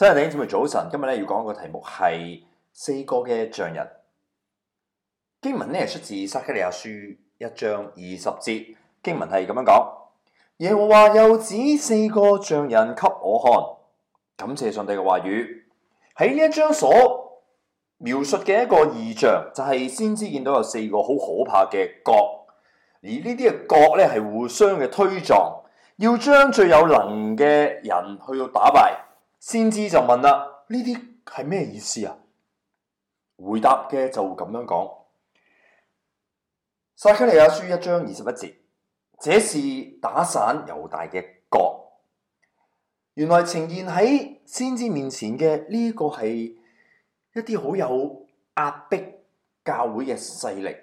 真係，弟兄姊妹早晨。今日咧要講一個題目係四個嘅匠人經文咧，出自撒迦利亞書一章二十節。經文係咁樣講：耶和華又指四個匠人給我看。感謝上帝嘅話語。喺呢一張所描述嘅一個異象，就係、是、先知見到有四個好可怕嘅角，而角呢啲嘅角咧係互相嘅推撞，要將最有能嘅人去到打敗。先知就問啦：呢啲係咩意思啊？回答嘅就咁樣講：撒迦利亞書一章二十一節，這是打散猶大嘅角。原來呈現喺先知面前嘅呢個係一啲好有壓迫教會嘅勢力。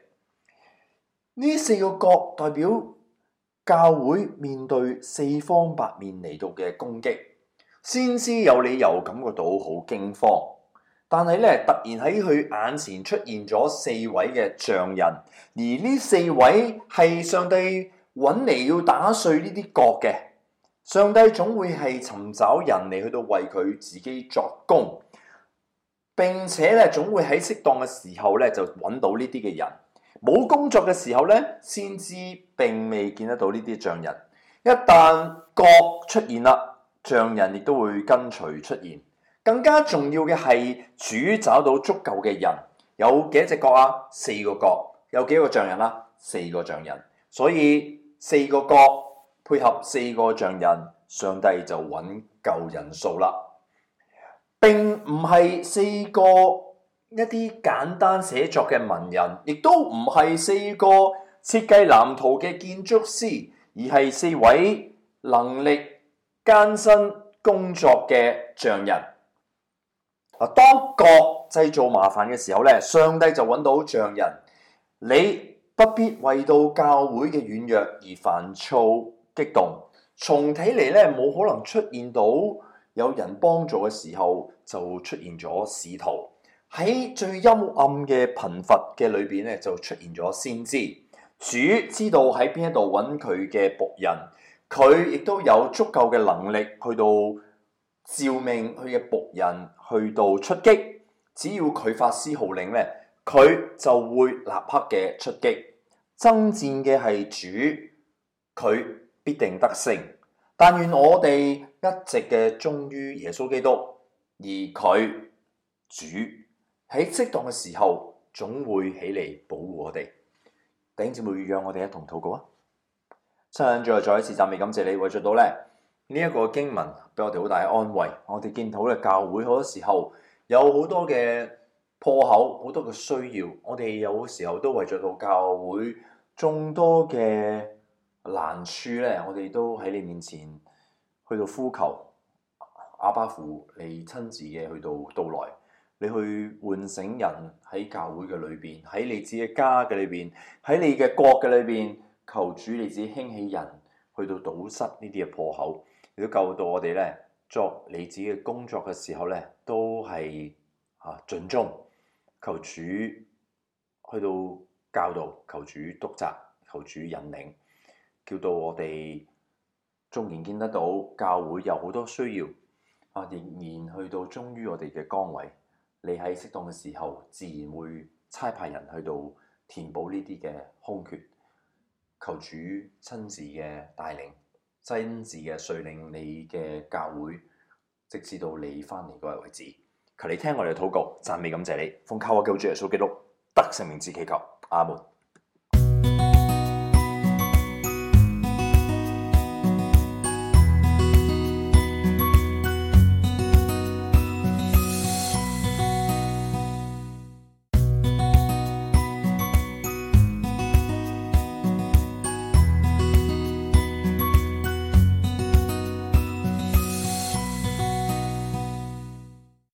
呢四個角代表教會面對四方八面嚟到嘅攻擊。先知有理由感覺到好驚慌，但係咧突然喺佢眼前出現咗四位嘅匠人，而呢四位係上帝揾嚟要打碎呢啲角嘅。上帝總會係尋找人嚟去到為佢自己作工，並且咧總會喺適當嘅時候咧就揾到呢啲嘅人。冇工作嘅時候咧，先知並未見得到呢啲匠人，一旦角出現啦。匠人亦都會跟隨出現，更加重要嘅係主找到足夠嘅人，有幾多隻角啊？四個角，有幾多個匠人啊？四個匠人，所以四個角配合四個匠人，上帝就揾夠人數啦。並唔係四個一啲簡單寫作嘅文人，亦都唔係四個設計藍圖嘅建築師，而係四位能力艱辛工作嘅匠人，嗱，當角製造麻煩嘅時候咧，上帝就揾到匠人。你不必為到教會嘅軟弱而煩躁激動。從睇嚟咧，冇可能出現到有人幫助嘅時候，就出現咗使徒。喺最陰暗嘅貧乏嘅裏邊咧，就出現咗先知。主知道喺邊一度揾佢嘅僕人。佢亦都有足夠嘅能力去到召命佢嘅僕人去到出擊，只要佢發號施令咧，佢就會立刻嘅出擊。爭戰嘅係主，佢必定得勝。但願我哋一直嘅忠於耶穌基督，而佢主喺適當嘅時候總會起嚟保護我哋。弟兄姊妹，讓我哋一同禱告啊！最後，再再一次，讚美感謝你，為著到咧呢一個經文，俾我哋好大嘅安慰。我哋見到咧，教會好多時候有好多嘅破口，好多嘅需要。我哋有時候都為著到教會眾多嘅難處咧，我哋都喺你面前去到呼求阿巴父，你親自嘅去到到來，你去喚醒人喺教會嘅裏邊，喺你自己家嘅裏邊，喺你嘅國嘅裏邊。求主你自己興起人去到堵塞呢啲嘅破口，亦都救到我哋咧。作你自己嘅工作嘅時候咧，都係啊盡忠。求主去到教導，求主督責，求主引領，叫到我哋縱然見得到教會有好多需要啊，仍然去到忠於我哋嘅崗位。你喺適當嘅時候，自然會差派人去到填補呢啲嘅空缺。求主親自嘅帶領，親自嘅率領你嘅教會，直至到你翻嚟嗰日為止。求你聽我哋嘅禱告，讚美感謝你。奉靠我救主耶穌基督得勝名字祈求，阿門。